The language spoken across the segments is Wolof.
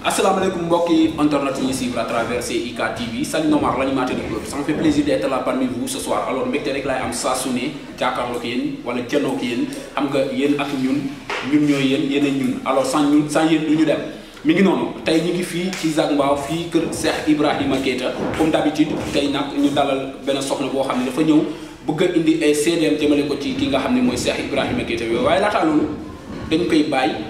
Assalamu asalaamaaleykum mbokki internet Initiative ñu suivre à travers CIK TV Salim Omar l'animateur du club ça me fait plaisir d'être là parmi vous ce soir alors mbégte rek laay am saa su ne jàkkaarloo ko yéen wala jëndoo ko yéen xam nga yéen ak ñun ñun ñooy yéen yéen ñun alors sans ñun sans yéen du ñu dem mi ngi noonu tey ñu ngi fii ci Zac Mbao fii Cheikh Ibrahima Keita comme d'habitude tey nag ñu dalal benn soxna boo xam ne dafa ñëw bëgg a indi ay CDM jëmale ko ci ki nga xam ne mooy Cheikh Ibrahima Keita yooyu waaye laataa loolu dañ koy bàyyi.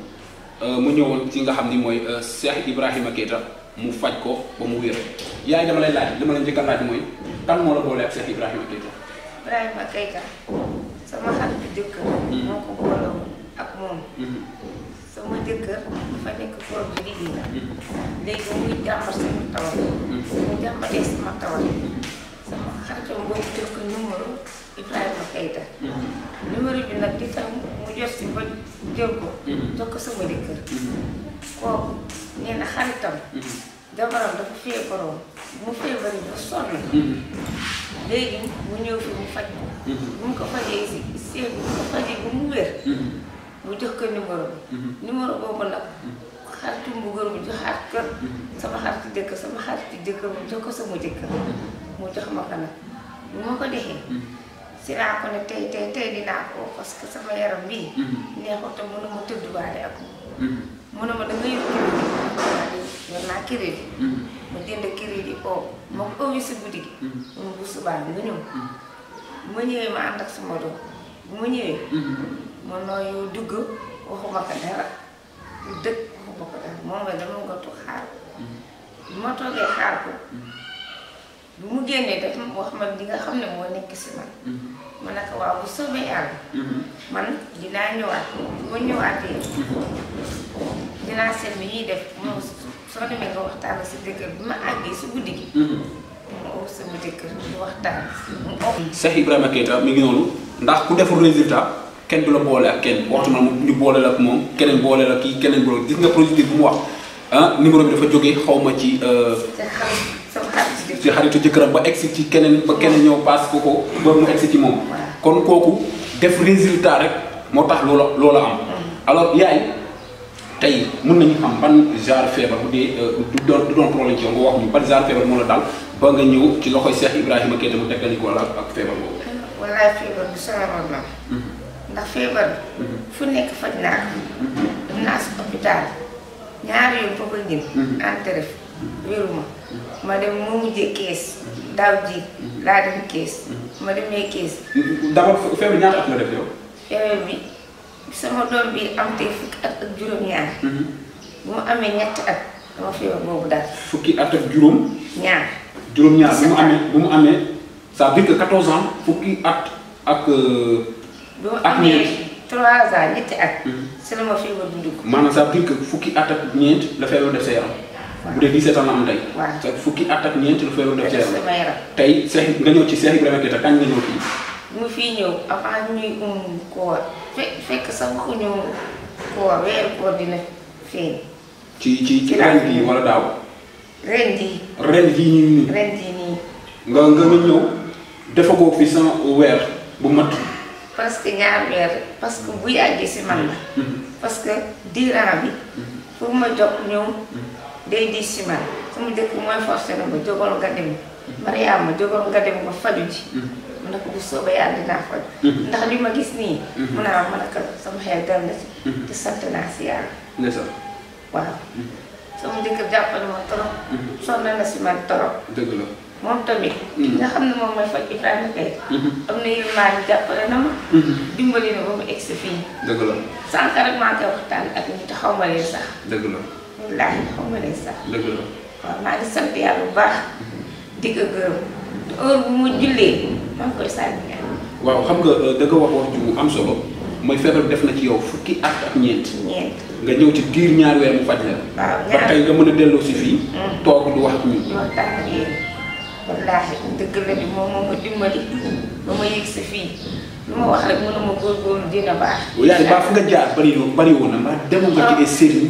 Euh, mu ñëwoon ci nga xam ni mooy euh, Cheikh Ibrahima Keita mu faj ko ba mu wér yaay dama lay laaj li ma la njëkk a laaj mooy kan moo la boole ak Cheikh Ibrahima Keita. Ibrahima Keita sama xarit bu jëkk hmm. moo ko booloo ak moom. Hmm. sama jëkkër dafa nekk borom bi liggéey hmm. la. léegi muy jàmbat sama tawat. mu jàmbatee sama tawat. sama xaritam boobu jëkk numéro Ibrahima Keita. numéro bi nag di tam. jot si ba jël mm-hmm. jox sama kër. Mm-hmm. kooku nee na xaritam. Mm-hmm. jabaram dafa feebaroon mu feebari ko. bu si seegu bu ko fajee bu mu wér. mu jox ko mu jox xarit kër. sama xaritu dëkk sama xaritu dëkk mu jox sama jëkkër mu jox ma ko nag ko dexee. ci laa ko ne tey tey tey dinaa ko parce que sama yaram bii. Mm-hmm. neexut te tëdd baale ak moom. Mm-hmm. mënuma da nga yor crédit yor naa crédit. Mm-hmm. ma jënd crédit oo ma ko si guddi gi. mu bu subaa nga ñëw. ma ñëwee ma ànd ak sama doom bu ma ñëwee. ma nooyu dugg waxuma ko dara dëkk waxuma ko dara moom nga dama nga toog xaar. bu ma toogee xaar ko. mu génnee daf wax man di nga xam ne moo nekk si man man naka waaw bu soobee yàlla man dinaa ñëwaat bu ma ñëwaatee dinaa seet bi ñuy def moom soo demee nga waxtaan ma àggee guddi gi oo sama jëkkër ñu waxtaan Cheikh Ibrahima Keita mi ngi noonu ndax ku deful résultat kenn du la boole ak kenn waxtu na ñu boole la ak moom keneen boole la kii keneen boole gis nga procédure bu mu wax ah numéro bi dafa jógee xaw ma ci euh, ci xaritu jëkkëram ba egsi ci keneen ba keneen ñëw paas ko ko ba mu egsi ci moom kon kooku def résultat rek moo tax loola loola am mm. alors yaay tey mën nañu xam ban genre feebar bu dee euh, du doon du doon problème ci yow nga wax ñu ban genre feebar moo la daal ba nga ñëw ci loxoy Cheikh Ibrahima Keita mu tegal ko wala ak feebar boobu walaay feebar bi sama moom mm-hmm. ndax feebar bi mm-hmm. fu nekk faj naa ko mm-hmm. def naa si hôpital ñaari yoon foofu la ñu wéruma ma dem dem ma d'abord feebar ñaata at def yow. feebar bi sama doom bi am ak juróom-ñaar. Mhm. bu amee at dama feebar boobu daal. fukki at ak ñaar ñaar ça veut dire que 14 ans fukki at ak. Euh, at. Mhm. la ma feebar ça que fukki at ak bu dee 17 ans la am tey waaw fukki at ak ñeent lu feeru def ci sama yaram tey Cheikh nga ñëw ci Cheikh Ibrahima Keita kañ nga ñëw fii mu fii ñëw avant ñuy um koor fe fekk sax ku ñëw koor weer koor dina feeñ ci ci ci ren gi wala daaw ren gi ren gi ñu nii ren gi nii nga nga nga ñëw defagoo fi sans weer bu mat parce que ñaar weer parce que bu yàggee si man la parce que diiran bi pour ma jog ñëw day diis si man sama njëkk mooy forcé na ma jógal nga dem. Mariama jógal nga dem ba faju ji. Mm-hmm. mu ne ko bu soobee yàlla dinaa faju mm-hmm. ndax li ma gis nii. Mm-hmm. mu ne ah ma ne ko sama xel dal na si. te sant naa si yàlla. ne sax waaw. sama njëkkër jàppale ma trop. sonn na si man trop. dëgg la. moom tamit. nga xam ne moom mooy faj Ibrahima Kay. am na yërmande jàppale na ma. dimbali na ba mu egsi fii. dëgg la sànq rek maa koy waxtaan ak ñi te xaw ma leen sax. dëgg la. laay xaw ma waaw maa ngi sant yàlla bu baax. di ko gërëm heure bu mu jullee maa ngi koy sànni ñaar. waaw xam nga euh, da nga wax wax ju am solo mooy feebar def na ci yow fukki at ak ñeent. ñeent nga ñëw ci giir ñaar weer mu faj la. waaw ñaar nga mën a delloo si fii. Mm. toog du wax ak ñun. wallaahi dëgg la bi moom moo ma dimbali ba ma yegg si fii. lu ma wax rek mënuma góorgóorlu dina baax. yaay baax nga jaar bari woon na ma demoon nga jógee Serigne.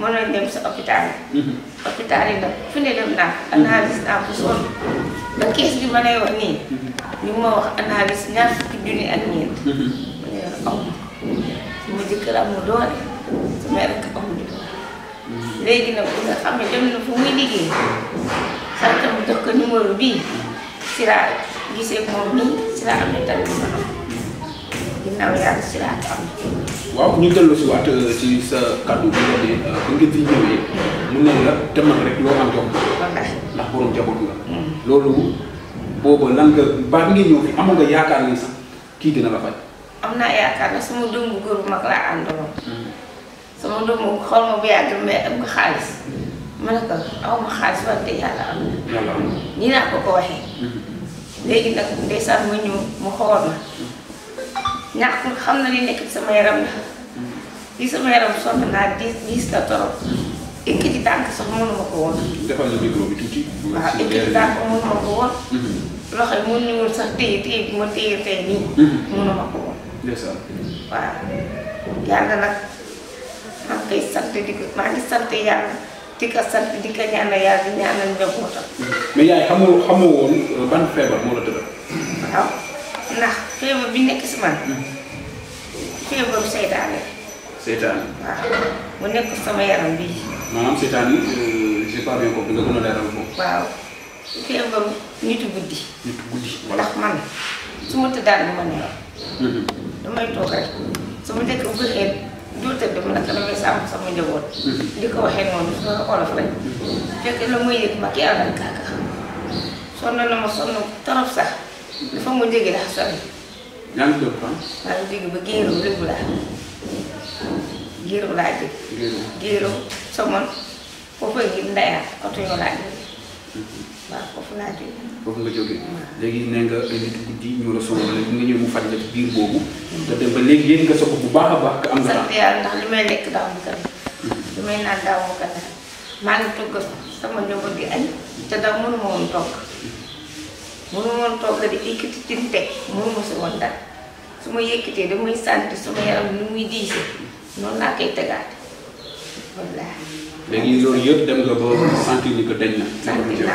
mënoon dem sa mhm. hôpital yi. nag fu ne dem naa analyse naa ko ba kees gi ma lay wax nii. Mhm. ñu ma wax analyse ñaar fukki junni ak ñeent. Mhm. ma ne la aw oh, ma sama jëkkër amul doole sama rakk amul doole. léegi nag bu nga xam ne dem na fu muy liggéey sant mu jox ko bii si laa gisee moom nii si laa amee tamit sama ginnaaw yàlla si laa am. waaw ñu dellusiwaat euh, ci sa kàddu bi nga ne euh, ba ngeen fi ñëwee. mu ne la demal rek loo am jox ndax borom jaboot nga. Mm. loolu booba lan nga ba ngeen ñëw fi amoon nga yaakaar ni sax kii dina la faj. am naa yaakaar ne sama doomu góor bu mag laa àndaloon. Mm. sama doomu xool ma bu yàgg mais am nga xaalis. ma ne ko aw ma xaalis wante yàlla am na. yàlla am na nii naa ko ko waxee. Mm-hmm. léegi nag ndeysaan ma ñëw mu xool ma. Mm. ndax xam na li nekk sama yaram la li sama yaram sonn naa diis diis na torop ekkiti tànk sax mënuma ko woon. defal la micro bi tuuti. waaw ekkiti tànk mënuma ko woon. Mm-hmm. loxo yi mënuñu sax téye téye bi ma téye tey nii. Mm-hmm. mënuma ko woon. yàlla nag maa koy sant di ko maa ngi sant yàlla di ko sant di ko ñaanal yàlla di ñaanal njabootam. Mm-hmm. mais yaay xamoo xamoo woon uh, ban feebar moo la tëral. waaw. ndax feebar bi nekk si man. Hmm. feebaru seytaan la. seytaan. waaw mu nekk sama yaram bii. Euh, a leeral foofu. waaw feebaru nitu nitu guddi ndax man su ma tëddaan ma ne. Hmm. damay toog su ma nekk bu xeet du tëdd ma naka damay sàmm sama njaboot. Hmm. di ko waxee noonu sama olof lañ. fekk la muy yëg ma kii àll bi kàkka sonn na ma sonn trop sax. dafa mu dégg ndax sori. yaa ngi dégg fan. maa ngi dégg ba Géero lépp la ñuy laa dégg mhm. waaw foofu foofu nga jógee léegi nee nga ay nit guddi ñu la sonal léegi nga ñëw mu faj la ci boobu. léegi yéen nga sopp bu baax a baax. am nga sant ndax li may lekk daaw ma gën mhm. li may naan daaw ma maa ngi togg sama njaboot gi añ te daw mënuma woon togg. mënu woon toog di yëkkati ci teg mënu ma si woon dara su ma yëkkatee damay sant sama yaram nu muy diise noonu laa koy tegaat wallaahi. léegi loolu yëpp dem nga ba sentir ni ko dañ na. sentir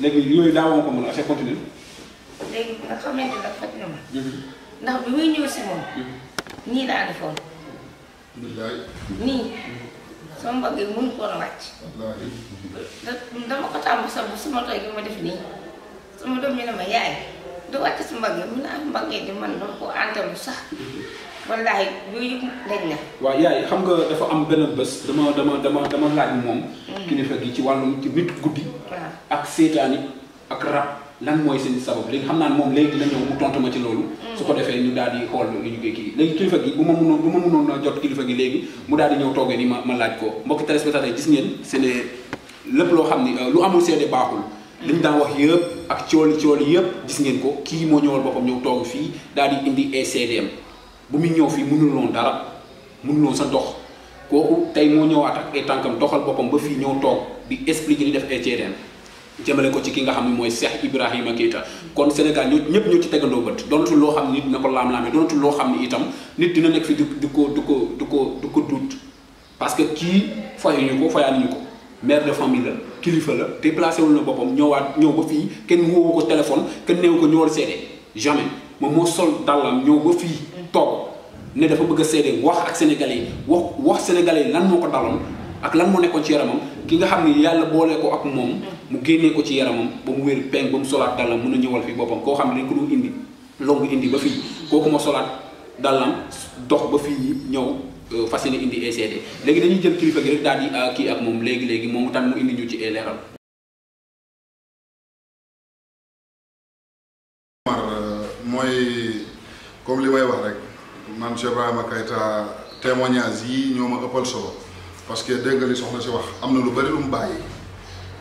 léegi yooyu daawoo ko mën a continuer. léegi nga xamante ne faj na ma. ndax bi muy ñëw si moom. nii laa defoon. nii. sama mbagg yi mënu ko woon a wàcc. dama ko tàmm sa bu sama toy gi ma def nii sama doom bi ne ma yaay du wàcc si mbagg yi mu ne am di man noonu ko antalu sax wallaahi yooyu yëpp dañ na. waaw yaay xam nga dafa am benn bés dama dama dama dama laaj moom. Mm. kilifa gi ci wàllum ci nit guddi. ak seetaani ak rab. lan moy seen sabab léegi xamna mom moom léegi la ñëw mu tontu ma ci lolu mm. su ko defé ñu daal di xol li ñu gëki kii kilifa gi bu ma mëno bu ma mëno na jot kilifa gi léegi mu daal di ñew toogee ni ma laaj ko mbokk spectateur yi gis ngeen c'est est lepp lo xamni euh, lu amul seede baaxul mm. liñ daan wax yépp ak ciol ciol yépp gis ngeen ko ki mo ñëwal bopam ñew togg fi daal di indi ECDM bu muy ñëw fii mënuloon dara mënuloon sa dox koku tay mo ñëwaat ak ay tànkam doxal bopam ba fi ñew togg di expliquer li def ECDM jëmale ko ci ki nga xamni moy cheikh ibrahima keita kon senegal ñu ñep ñu ci tegandoo bëtt donatu lo xamni nit nako lam lamé donatu lo xamni itam nit dina nek fi du ko du ko du ko du ko duut parce que kii fayuñu ko fayaanuñu ko mère de famille la kilifa la déplacer wul na bopam ñëwaat ñëw ba fi kenn woowu ko téléphone kenn neew ko ñëwal seede jamais mo mo sol dalam ñëw ba fi tok ne dafa bëgg a wax ak sénégalais wax wax sénégalais lan moko ko ak lan mo nekkon ci yaramam ki nga xamni yalla bolé ko ak mom mu génnee ko ci yaramam ba mu wér peng ba mu solaat dàllam mën a ñëwal fi boppam koo xam ne dañ ko doon indi longu indi ba fii kooku ma solaat dàllam dox ba fii ñëw euh, fas yéene indi ECD léegi dañuy jël kilifa gi rek daal di euh, kii ak moom léegi léegi moom tam mu indi ñu ci leeral. Euh, mooy comme li may wax rek man Cheikh Ibrahima Keita témoignage yi ñoo ma ëppal solo parce que dégg li soxna si wax am na lu bari lu mu bàyyi.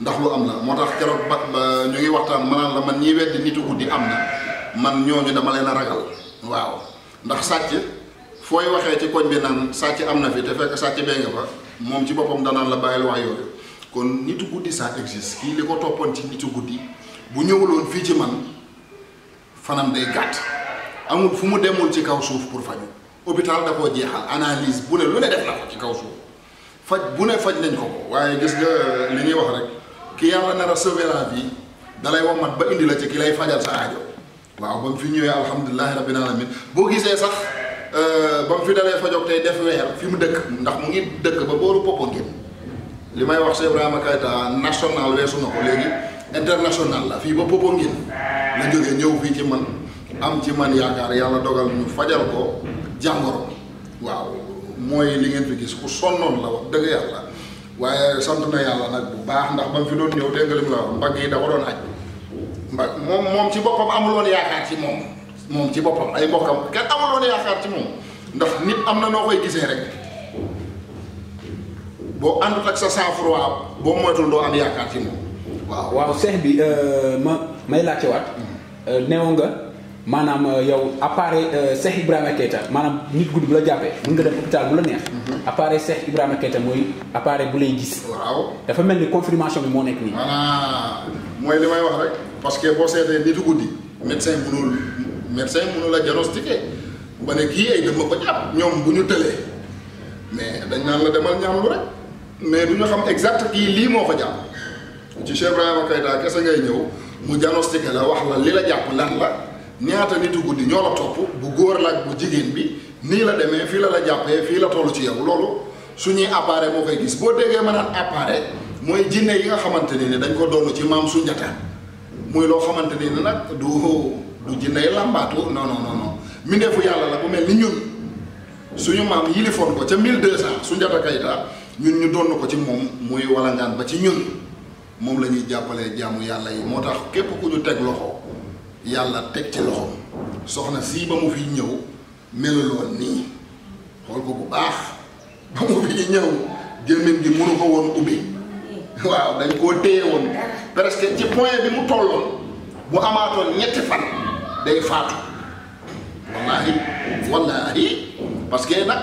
ndax lu am la moo tax keroog ba ñu ngi waxtaan manaan la man ñiy weddi nitu guddi am na man ñooñu dama leen a ragal waaw ndax sàcc fooy waxee ci koñ bi naan sàcc am na fi te fekk sàcc bee fa moom ci boppam danaan la bàyyil wax yooyu kon nitu guddi ça existe kii li ko toppoon ci nitu guddi bu ñëwuloon fii ci man fanam day gàtt amul fu mu demul ci kaw suuf pour fa hôpital da koo jeexal analyse bu ne lu ne def na ko ci kaw suuf faj bu ne faj nañ ko waaye gis nga euh, li ñuy wax rek ki yalla na a sauver la vie dalay womat ba indi la ci ki lay fajal sa aajo waaw bam fi ñewé alhamdulilahi rabbil alamin bo gisé sax euh bam fi dalee fajok tay def weer fi mu dëkk ndax mu ngi dëkk ba boru popo ngeen limay wax Cheikh Ibrahima kayta national weesu na ko léegi international la fi ba popo ngeen la jógee ñew fi ci man am ci man yaakar yalla dogal ñu fajal ko jangoro waaw moy li ngeen fi gis ku sonnon la wax deug yalla waaye sant na yàlla nag bu baax ndax ba mu fi doon ñëw dégg nga la mbagg yi dafa doon aj mbagg moom moom ci boppam amul woon yaakaar ci moom moom ci boppam ay mbokkam kenn amul yaakaar ci moom ndax nit am na noo koy gisee rek boo àndut ak sa sang-froid boo moytul doo am yaakaar ci moom waaw. waaw seex bi euh, ma may laajte waat mm-hmm. euh, neew nga. maanaam euh, yow appareil euh, Cheikh Ibrahima Keita maanaam nit guddi bu la jàppee mën nga dem hôpital bu la neex. appareil mhm. Cheikh Ibrahima Keita mooy appareil bu lay gis. waaw dafa mel ni bi moo nekk nii. mooy li may wax rek parce que boo seetee nitu guddi. médecin mënul médecin mënul a diagnostiqué ba ne kii ay dama ko jàpp. ñoom bu ñu tëlee mais dañ naan la demal ñaam lu rek mais du ñu xam exact kii lii moo ko jàpp ci Cheikh Ibrahima Keita kese ngay ñëw mu diagnostiqué la wax la li la jàpp lan la. ñaata nitu guddi ñoo la topp bu góor la ak bu jigéen bi nii la demee fii la la jàppee fii la toll ci yow loolu suñuy appareil moo koy gis boo déggee ma naan appareil mooy jinne yi nga xamante ne ni dañ ko doon ci maam Sunjata muy loo xamante ne ni nag du du jinne yi làmbaatu non non mindeefu yàlla la bu mel ni ñun suñu maam yilifoon ko ca 1200 Sunjata Kayta ñun ñu doon ko ci moom muy walangaan ba ci ñun moom la ñuy jàppalee jaamu yàlla yi moo tax képp ku ñu teg loxo. yàlla teg ci loxoom soxna sii ba mu fi ñëw meluloon nii xool ko bu baax ba mu fi ñëw gémmiñ gi mënu ko woon ubbi waaw dañ koo téye woon presque ci point bi mu tolloon bu amaatoon ñetti fan day faatu wallaahi wallaahi parce que nag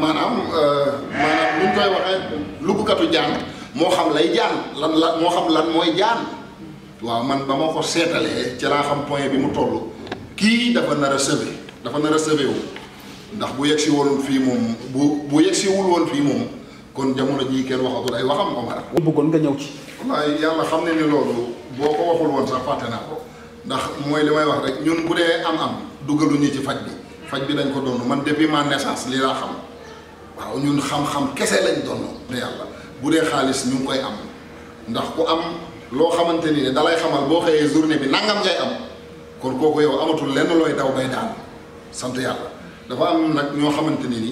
maanaam euh, maanaam luñ koy waxee lubbukatu jaan moo xam lay jaan lan la moo xam lan mooy jaan waaw man ba ma ko seetalee ci laa xam point bi mu toll kii dafa nar a sëbe dafa nar a sëbe wu ndax bu yegsi woon fii moom bu bu yegsi woon fii moom kon jamono jii kenn waxatul ay waxam Omar. bëggoon nga ñëw ci. wallaay yàlla xam ne ni loolu boo ko waxul woon sax fàtte naa ko ndax mooy li may wax rek ñun bu dee am-am dugaluñu ci faj bi faj bi dañ ko doon man depuis ma naissance lii laa xam waaw ñun xam-xam kese lañ doon. ne yàlla bu dee xaalis ñu koy am loo xamante ni dalay xamal boo xëyee journée bi nangam ngay am kon ko yow amatul lenn looy daw bay daan sant yàlla dafa am nag ñoo xamante ni ni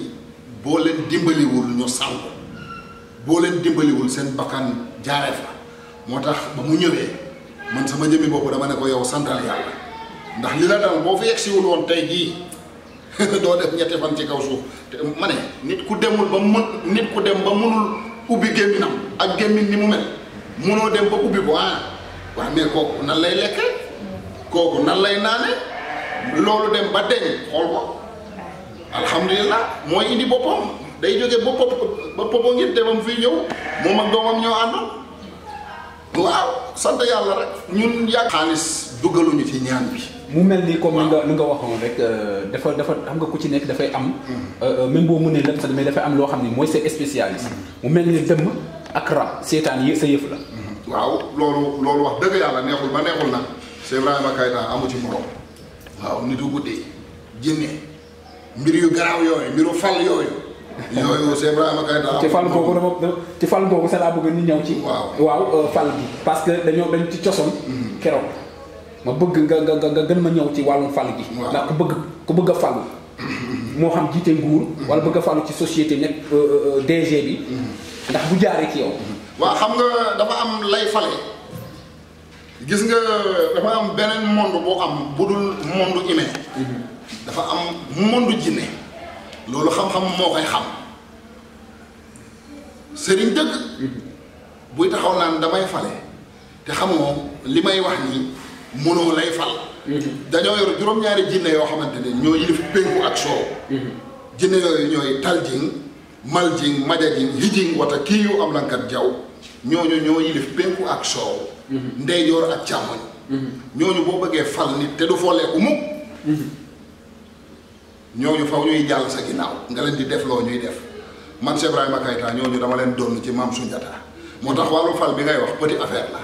boo leen dimbaliwul ñu sànku boo leen dimbaliwul seen bakkan jaaree fa moo tax ba mu ñëwee man sama jëmmi boobu dama ne ko yow santal yàlla ndax li la dal boo fi yegsiwul woon tey jii doo def ñetti fan ci kaw suuf te ma ne nit ku demul ba mun nit ku dem ba munul ubbi gémminam ak gémmin ni mu mel munoo dem ba ubbi ko ah wax mais kooku nan lay lekke kooku nan lay naane loolu dem ba deñ xool ko alhamdulilah mooy indi boppam day jógee ba pop ba popo ngir demam fi ñëw moom ak doomam ñoo àndal waaw sant yàlla ñun yàgg xaalis dugaluñu ci ñaan mel ni comme li nga li nga waxoon rek euh, dafa dafa xam nga ko ci nekk dafay am mm. euh, euh, même boo mënee lem sax mais dafay am loo xam ne mooy sa spécialiste mm. mu mel ni dëmm ak rab seetaan yi sa yëf la. waaw loolu loolu wax dëgg yàlla neexul ba neexul nag Cheikh Ibrahima Keita amu ci morom waaw nitu guddi jinne mbir yu garaaw yooyu mbiru fal yooyu. yooyu Cheikh Ibrahima Keita ci fal boobu fal boobu sax laa bëgg ñu ñëw ci. waaw waaw euh, fal bi. parce que dañoo dañ ci cosoon. Mhm. keroog ma bëgg nga nga nga gën ma ñëw ci wàllum fal gi. ndax ku bëgg ku bëgg a moo xam jiite nguur. Mhm. wala bëgg a falu ci société nekk euh, euh, DG bi. Mhm. ndax bu jaaree ci yow. waaw xam nga dafa am lay fale gis nga dafa am beneen monde boo am bu dul monde humain dafa am monde jinne loolu xam-xam moo koy xam sëriñ dëgg buy taxaw naan damay fale te xamoo li may wax nii mënoo lay fal dañoo yor juróom-ñaari jinne yoo xamante ne ñoo yilif pénku ak soow mm-hmm. jinne yooyu ñooy taljing mal ji li majajing hijing kii yu am lankat jaw ñooñu ñoo yilif penku ak soow mhm. ndeyjoor ak càmmoñ mhm. ñooñu boo bëggee fal nit te du fooleeku mukk mhm. ñooñu faw ñuy jàll sa ginnaaw nga leen di def loo ñuy def man Cheikh Ibrahima Keita ñooñu dama leen doon ci maam Sunjata moo tax wàllu fal bi ngay wax petit affaire la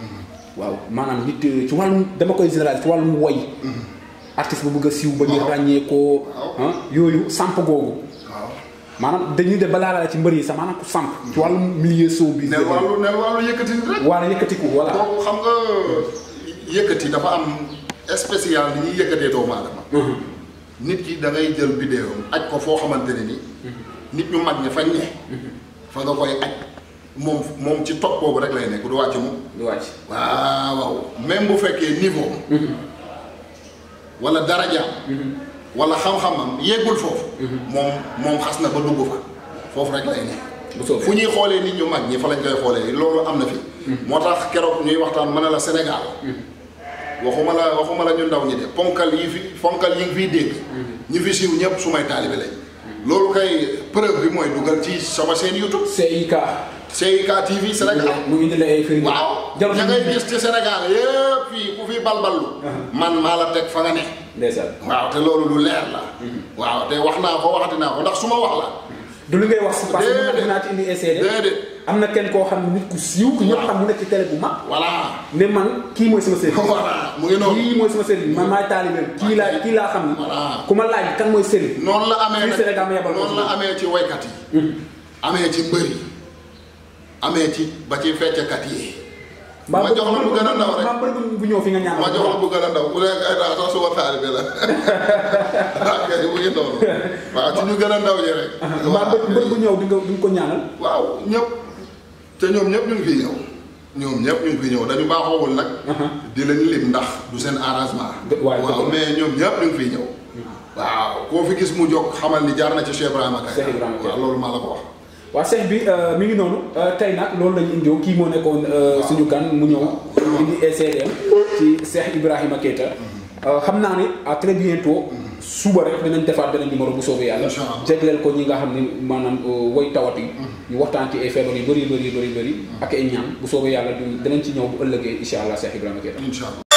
waaw maanaam nit euh, ci wàllum dama koy général ci wàllum woy mm-hmm. artiste bu bëgg a siiw ba ñu ràññee ko yooyu samp googu maanaam dañuy de balaa laa ci mbër yi sax maanaam ku samp ci mm-hmm. wàllum milieu sow bi ne wàllu ne wàllu yëkkati rek wala yëkkatiku voilà boobu xam nga yëkkati dafa am spécial ni ñuy yëkkatee doomu aadama mm-hmm. nit ki da ngay jël bidéo aj ko foo xamante ne ni nit ñu mag ñi fañ ne fa nga koy aj moom moom ci topp boobu rek lay nekk du wàcc mu. du wàcc waaw même bu fekkee niveau. Mhm. wala darajaam. Mhm. wala xam am yégul foofu. Mhm. moom moom xas na ba dugg fa foofu rek lay nekk. fu ñuy xoolee nit ñu mag ñi fa lañ koy xoolee loolu am na fi. moo tax keroog ñuy waxtaan mën a la Sénégal. waxuma la waxuma la ñu ndaw ñi de ponkal yi fi ponkal yi ngi fiy ñi fi siiw ñëpp su may taalibe lañ. loolu kay preuve bi mooy dugal ci sama seen YouTube. CIK. CIK TV Sénégal. mu indi la ay firnde. waaw ña ngay gis ci Sénégal yëpp fii ku fi balballu man maa la teg fa nga ne. ndeysaan waaw te loolu lu leer la. Mhm. waaw te wax naa ko waxati naa ko ndax su ma wax la. du li ngay wax si parce que naa ci indi am na kenn koo xam ne nit ñëpp xam mu ci télé bu mag. voilà ne man kii mooy sama sëriñ. voilà mu ngi noonu kii mooy sama sëriñ man maay taalibe kii laa kii laa xam. ku ma laaj kan mooy sëriñ. noonu la amee noonu la amee ci waykat yi. Hmm. amee ci mbër amee ci ba ci feccekat yi. ma jox la bu gën a ndaw rek ma bu ñëw fi nga ñaan ma jox la bu gën a ndaw bu nekk ay daa sax suba taal bi la ak mu ngi noonu waaw ci ñu gën a ndaw yi rek. ma mbër bu ñëw di nga di nga ko ñaanal. waaw ñëpp te ñoom ñëpp ñu ngi fiy ñëw. ñoom ñëpp ñu ngi fiy ñëw dañu baaxoowul nag. Uh-huh. di leen lim ndax du seen arrangement. waaw mais ñoom ñëpp ñu ngi fiy ñëw. Mm-hmm. waaw koo fi gis mu jóg xamal ni jaar na ci Cheikh Ibrahima Kay. waaw loolu ma la ko wax. waa seex bi euh, mi ngi noonu euh, tey nag loolu lañu indiw kii moo nekkoon euh, suñu gan mu ñëw indi ECDM ci Cheikh Ibrahima Keita mhm. xam naa ni à très bientôt mhm. suba rek dinañ defaat beneen numéro bu soobee yàlla jegleel ko ñi nga xam ne maanaam way tawat yi mhm. ñu waxtaan ci ay feebar yu bëri bëri bëri bëri ak ay ñaan bu soobee yàlla dinañ ci ñëw bu ëllëgee incha allah Cheikh Ibrahima Keita